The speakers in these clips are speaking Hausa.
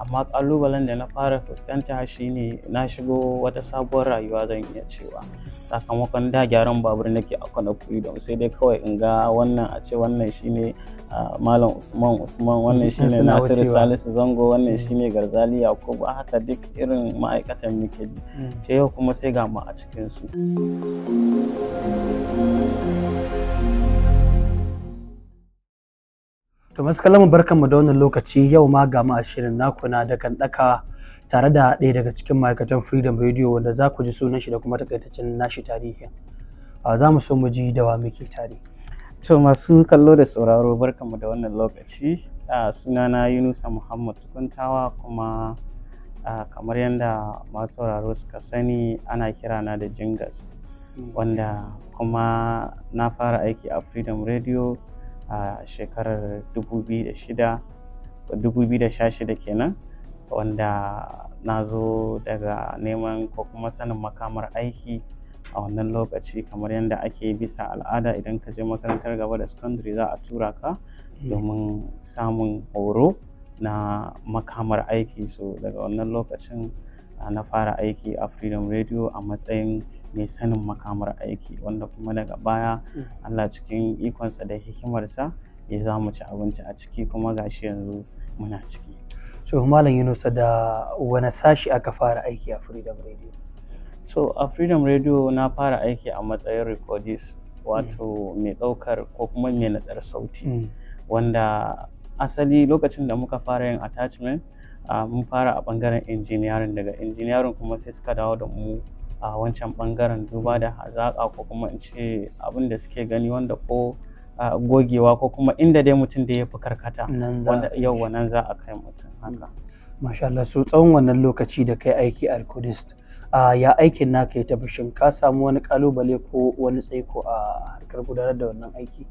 amma ƙalubalen da na fara fuskanta shine na shigo wata sabuwar rayuwa zan iya cewa sakamakon da gyaran babur nake a kwana freedom sai dai kawai in ga wannan a ce wannan shine malam usman usman wannan shine nasiru salisu zango wannan hmm. shine garzali yakubu haka duk irin ma'aikatan muke ce hmm. yau kuma sai gama mu a cikinsu. Hmm. To maskalamu barkanmu da wannan lokaci yau ma ga mu a shirin naku na da kan daka tare da ɗaya daga cikin ma'aikatan Freedom Radio wanda za ku ji sunan shi da kuma takaitaccen nashi tarihi. Za mu so mu ji da wa muke tare. To masu kallo da sauraro barkanmu da wannan lokaci. Sunana Yunusa Muhammad Tukuntawa kuma kamar yadda masu sauraro suka sani ana kirana da Jingas. Mm. wanda kuma na fara aiki a freedom radio a shekarar 2016 kenan wanda na zo daga neman ko kuma sanin makamar aiki a wannan lokaci kamar yadda ake bisa al'ada idan ka je makarantar gaba da secondary za a tura ka domin samun horo na makamar aiki so daga wannan lokacin na fara aiki a freedom radio a matsayin mai sanin makamar aiki wanda kuma daga baya mm. Allah cikin ikonsa da hikimarsa ya za mu ci abinci a ciki kuma gashi yanzu muna ciki. So Malam Yunusa da wani sashi aka fara aiki a Freedom Radio? So a Freedom Radio na fara aiki a matsayin recordist wato mm. mai ɗaukar ko kuma mai naɗar sauti mm. wanda asali lokacin da muka fara yin attachment mun fara a bangaren injiniyarin daga injiniyarin kuma sai suka dawo da mu a wancan ɓangaren duba da hazaƙa ko kuma in ce abin da suke gani wanda ko gogewa ko kuma inda dai mutum da ya fi karkata wanda yau wannan za a kai mutum haka hmm. masha Allah so tsawon wannan lokaci da kai aiki a Kudist ya aikin naka ya tafi shin samu wani ƙalubale ko wani tsaiko a harkar gudanar da wannan aiki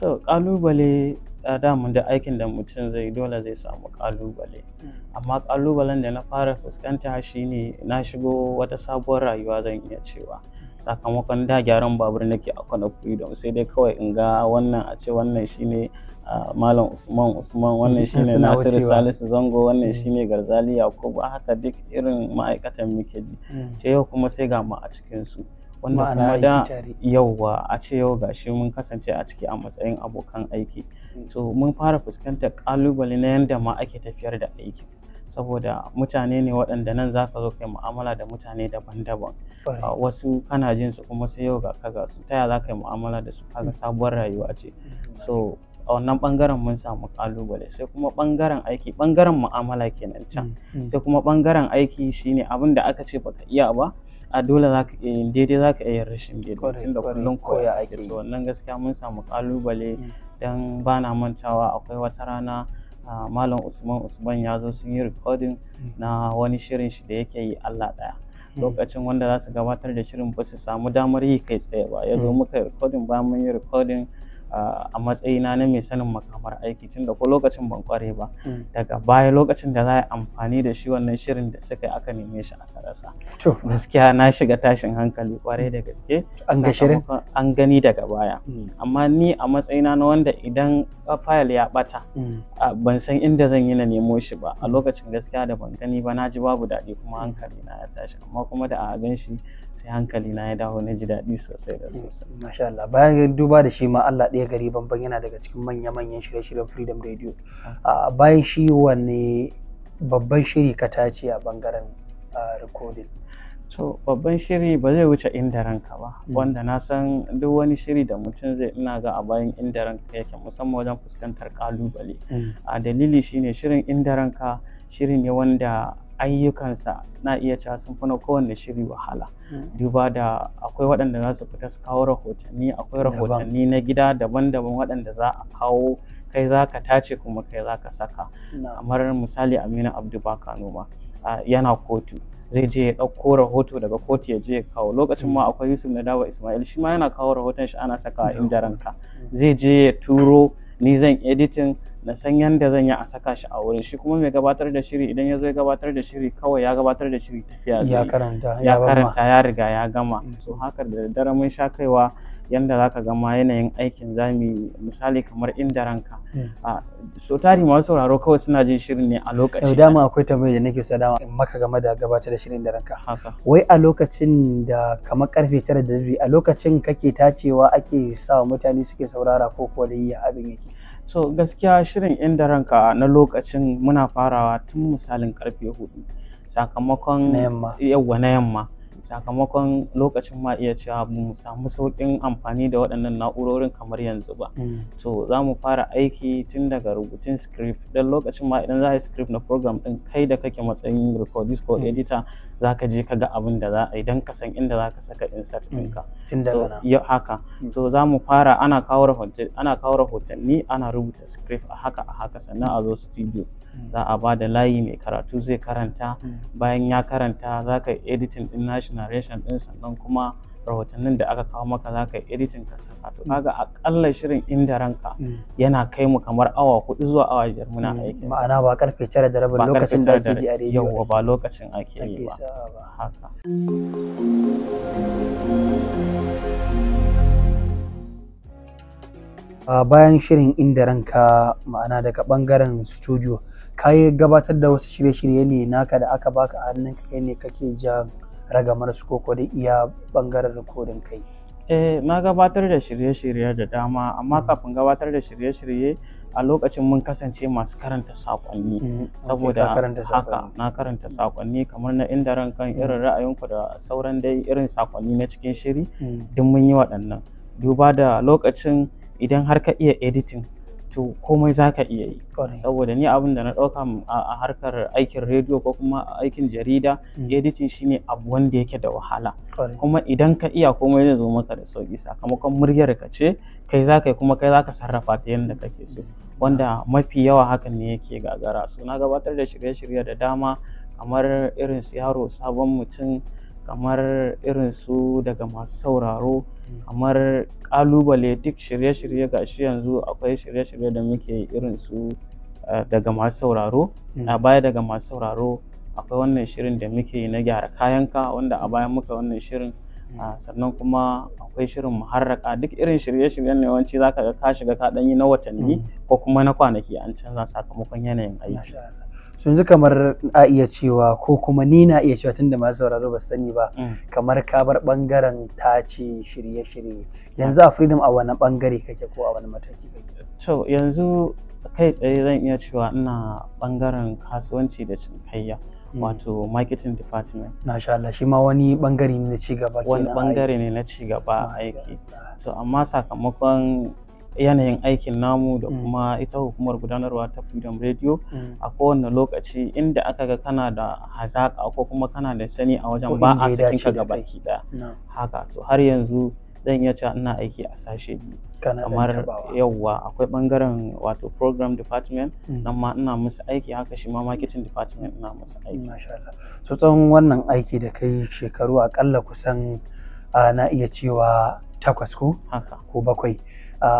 so kalubale damun da aikin da mutum zai dole zai samu ƙalubale hmm. amma ƙalubalen da na fara fuskanta shine na shigo wata sabuwar rayuwa zan iya cewa hmm. sakamakon da gyaran babur nake a kwana freedom sai dai kawai in ga wannan a ce wannan shine malam usman usman wannan hmm, shine nasiru salisu zango wannan shine garzali yakubu haka duk irin ma'aikatan muke ji ce yau kuma sai ga mu a cikin su wanda kuma da yauwa a ce yau shi mun kasance a ciki a matsayin abokan aiki so hmm. mun fara fuskantar kalubale na yadda ma ake tafiyar da aiki saboda mutane ne waɗanda nan za ka zo kai mu'amala da mutane daban-daban wasu kana jin su kuma sai yau ga ka ga su taya za ka yi mu'amala da su kaga hmm. sabuwar rayuwa ce hmm. so a wannan bangaren mun samu kalubale sai kuma bangaren aiki bangaren mu'amala kenan can sai kuma bangaren aiki shine abin da aka ce baka iya ba a dole za ka eh, daidai za ka iya rashin daidai tun da kullum koya ake to wannan gaskiya mun samu kalubale mm. don ba na mantawa akwai wata rana ah, malam usman usman ya zo sun yi recording mm. na wani shirin shi da yake yi allah ɗaya mm. lokacin wanda za su gabatar da shirin ba su samu damar yi kai tsaye ba ya zo muka recording ba mun yi recording a matsayina na mai sanin makamar aiki tun da ko lokacin ban kware ba hmm. daga baya lokacin da za a amfani da shi wannan shirin da suka yi aka neme shi aka rasa gaskiya na shiga tashin hankali kwarai da gaske an gani daga baya hmm. amma ni a matsayina na wanda idan fayil ya bata hmm. ban san inda zan yi na nemo shi ba a lokacin gaskiya da ban gani ba na ji babu daɗi kuma hankali na ya tashi amma kuma da a gan shi sai hankali na ya dawo na ji daɗi sosai da sosai masha Allah bayan duba da shi ma Allah ɗaya gari banban yana daga cikin manya-manyan shirye-shiryen freedom radio ah. Ah, bayan shi wani babban shiri ka tace a bangaren ah, recording to babban shiri ba zai wuce inda ranka ba hmm. wanda na san duk wani shiri da mutum zai ina ga a bayan inda ranka yake musamman wajen fuskantar kalubale hmm. a dalili shine shirin inda ranka shiri ne wanda ayyukansa na iya cewa sun fi na kowanne shiri wahala hmm. duba da akwai waɗanda za su fita su kawo rahotanni akwai rahotanni na gida daban-daban waɗanda za a kawo kai za ka tace kuma kai za ka saka kamar misali aminu abdu baka noma yana kotu zai je ya ɗauko rahoto daga kotu ya je ya kawo lokacin ma hmm. akwai yusuf na dawa ismail shi ma yana kawo rahoton shi ana saka a ka zai je ya turo ni zan editing na san yanda zan yi a saka shi a wurin shi kuma mai gabatar da shiri idan ya zo ya gabatar da shiri kawai ya gabatar da shiri tafiya ya karanta ya karanta ya riga ya gama so mm. haka da daddare mun sha kaiwa yanda za ka gama yanayin aikin zami misali kamar inda ranka hmm. so tari masu sauraro kawai suna jin shirin ne a lokacin yau dama akwai tambayar da nake so dama in maka game da gabatar da shirin da ranka wai a lokacin da kamar karfe tara da dubi a lokacin kake tacewa ake sa mutane suke saurara ko kuwa da abin yake so gaskiya shirin inda ranka na lokacin muna farawa tun misalin karfe hudu sakamakon yamma na yamma sakamakon lokacin ma iya cewa mu samu sauƙin amfani da waɗannan na'urorin kamar yanzu ba mm. to za mu fara aiki tun daga rubutun script don lokacin ma idan za a yi script na program ɗin kai da kake matsayin recordist ko mm. editor za ka je ka ga abin da za a yi don ka san inda za ka saka insert mm. ɗinka. Tun daga nan. haka. Mm. So za mu fara ana kawo rahotanni ana rubuta script a haka a haka sannan a zo studio. Mm. Za a ba da layi mai karatu zai karanta bayan ya karanta za ka editing ɗin national narration ɗin sannan kuma rahotannin da aka kawo maka za ka editing ka saka to mm. kaga akalla shirin inda ranka mm. yana kai mu kamar awa kuɗi zuwa awa biyar muna mm. aikin ma'ana ba karfe tara da rabin lokacin da ake ji a rediyo yawa ba lokacin ake yi ba haka bayan shirin inda ranka ma'ana daga bangaren studio ka gabatar da wasu shirye-shirye ne naka da aka baka a hannun kai ne kake jan ragamar su ko da iya bangaren rikodin kai eh na gabatar da shirye-shirye da dama amma kafin gabatar da shirye-shirye a lokacin mun kasance masu karanta sakonni mm, saboda haka na karanta sakonni kamar na inda ran kan mm. irin ra'ayinku da sauran dai irin sakonni na cikin shiri mm. duk mun yi waɗannan duba da lokacin idan har ka iya editing to komai za ka iya yi saboda ni abin da na ɗauka a harkar aikin rediyo ko kuma aikin jarida mm. editing shine abu wanda yake da wahala kuma idan ka iya komai zai zo maka da sauki sakamakon muryar ka ce kai za ka yi kuma kai za ka sarrafa ta yadda kake so wanda mafi yawa hakan ne yake gagara so na gabatar da shirye-shirye da dama kamar irin su yaro sabon mutum kamar irin su daga masu sauraro kamar kalubale duk shirye-shirye ga shi yanzu akwai shirye-shirye da muke irin su eh, daga masu sauraro na hmm. baya daga masu sauraro akwai wannan shirin da muke na gyara kayanka wanda a baya muka wannan shirin hmm. ah, sannan kuma akwai shirin muharraka duk irin shirye-shiryen ne yawanci zaka ga ka shiga ka ɗanyi na watanni hmm. ko kuma na kwanaki an canza sakamakon yanayin aiki ji kamar a iya cewa ko kuma ni na iya cewa tunda masu sauraro ba sani ba mm. kamar ka bar bangaren tace shirye-shirye mm. yanzu a freedom a wani bangare kake ko a wani mataki to yanzu kai tsaye zan iya cewa ina bangaren kasuwanci da cinikayya mm. wato marketing department masha Allah shi ma wani bangare ne na cigaba wani bangare ne na cigaba aiki to amma sakamakon yanayin aikin namu da mm. kuma ita hukumar gudanarwa ta freedom radio mm. a kowane lokaci inda aka ga kana da hazaƙa ko kuma kana da sani a wajen ba a sakin ka gabaki ɗaya haka to har yanzu zan iya cewa ina aiki a sashe biyu kamar yauwa akwai bangaren wato program department mm. nan ma ina musu aiki haka shi ma marketing department ina musu aiki masha Allah so tsawon wannan aiki da kai shekaru akalla kusan ah, na iya cewa takwas ko ko bakwai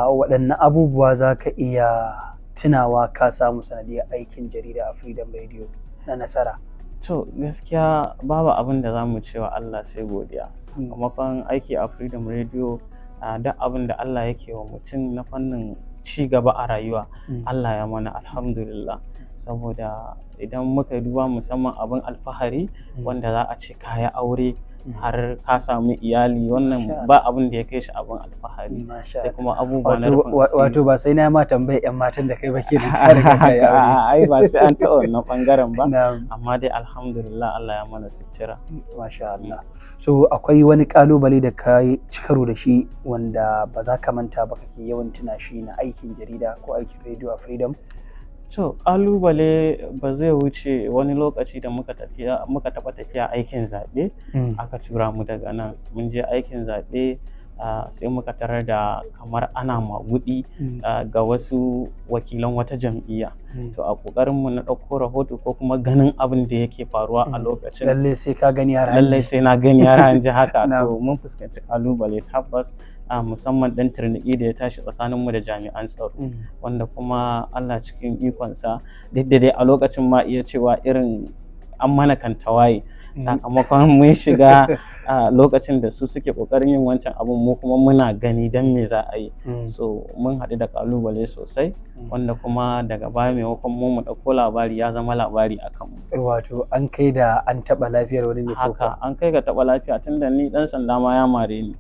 waɗanne abubuwa za ka iya tunawa ka samu sanadiyar aikin jarida a freedom radio na nasara to gaskiya babu abin da za mu cewa allah sai godiya mm. sakamakon aiki a freedom radio duk abin da allah yake wa mutum na fannin ci gaba a rayuwa mm. allah ya mana alhamdulillah saboda idan muka duba musamman abin alfahari mm. wanda za a ce kaya aure mm. har ka samu iyali wannan ba abin da ya kai shi abin alfahari sai kuma abubuwa na rufin wato ba sai na ma tambayi yan matan da kai ba ke da ai ba sai an taɓa wannan bangaren ba amma dai alhamdulillah Allah ya mana sutura masha Allah so akwai wani kalubale da ka ci karo da shi wanda ba za ka manta ba kake yawan tuna shi na aikin jarida ko aikin radio a freedom to kalubale ba zai wuce wani lokaci da muka tafiya muka taɓa tafiya aikin zabe mm. aka tura mu daga nan mun je aikin zabe. Ah, sai muka tarar da kamar ana magudi hmm. ah, ga wasu wakilan wata jam'iyya hmm. to a kokarin mu na ɗauko rahoto ko kuma ganin abin da yake faruwa a hmm. lokacin lalle sai ka gani har lalle sai na gani yara an haka to mun fuskanci kalubale tabbas musamman ɗan turniki da ya tashi tsakanin mu da jami'an tsaro wanda kuma Allah cikin ikonsa duk da dai a lokacin ma iya cewa irin an mana kan tawaye sakamakon mun shiga a lokacin da su suke kokarin yin wancan abun mu kuma muna gani don me za a yi mm. so mun haɗu da kalubale sosai mm. wanda kuma daga baya wakon mu mu ɗauko labari ya zama labari a kanmu eh, wato an kai da an taɓa lafiyar wani ne haka an kai ga taɓa lafiya tunda ni ɗan sanda ma ya mare ni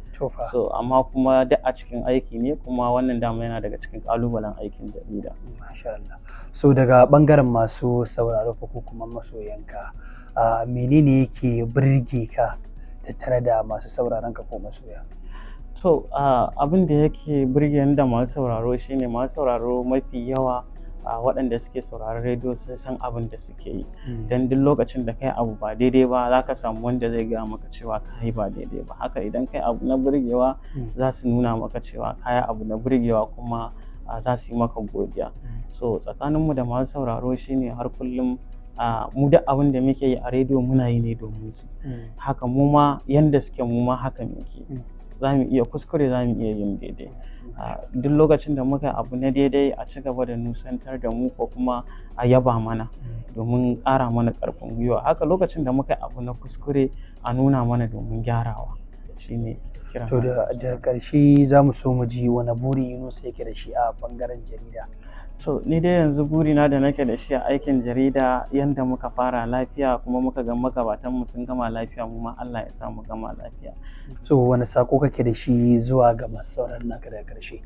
so amma kuma duk a cikin aiki ne kuma wannan dama yana daga cikin kalubalen aikin jarida masha Allah so daga bangaren masu sauraro ko kuma masoyanka menene yake birge ka tare da masu sauraron ka ko masoya to abin da yake birge ni da masu sauraro shine masu sauraro mafi yawa a waɗanda suke sauraron rediyo sun san abin da suke yi hmm. don duk lokacin da kai abu ba daidai ba za ka samu wanda zai gaya maka cewa ka yi ba daidai ba haka idan kai abu na birgewa hmm. za su nuna maka cewa ka yi abu na birgewa kuma za su yi maka godiya hmm. so tsakaninmu da masu sauraro shine har kullum mu da abin da muke yi a rediyo muna yi ne domin su mm. haka mu ma yanda suke mu ma haka muke mm. za mu iya kuskure za mu iya yin daidai mm. duk lokacin da muka abu na daidai a ci gaba da nusantar da mu ko kuma a yaba mana domin ƙara mana ƙarfin gwiwa haka lokacin da muka abu na kuskure a nuna mana domin gyarawa shine to da ƙarshe za mu so mu ji wani buri yunus yake da shi a bangaren jarida To ni dai yanzu burina da nake da shi a aikin jarida yadda muka fara lafiya kuma muka ga magabatan mu sun gama lafiya mu ma Allah ya sa mu gama lafiya. To wani sako kake da shi zuwa ga masu sauraron naka daga karshe?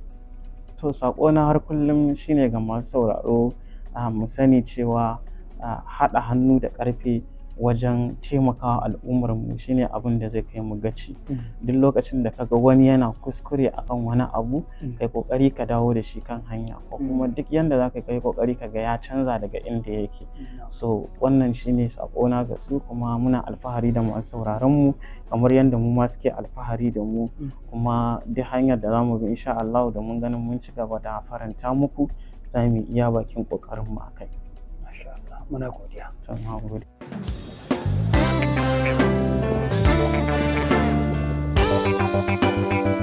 To sako na har kullum shine ga masu sauraro ah, mu sani cewa ah, haɗa hannu da ƙarfi wajen taimakawa al'ummar mu shine abin da zai kai mu gaci mm. duk lokacin da kaga wani yana kuskure akan wani abu mm. kai kokari ka dawo da shi kan hanya ko mm. kuma duk yanda zaka kai kokari ka ga ya canza daga inda yake so wannan shine sakona ga su kuma muna alfahari da masu sauraron mu kamar yadda mu ma suke alfahari da mu kuma duk hanyar da zamu bi insha Allah da mun ganin mun ci gaba da faranta muku za iya bakin kokarin mu akai. muna godiya. godiya. Thank you.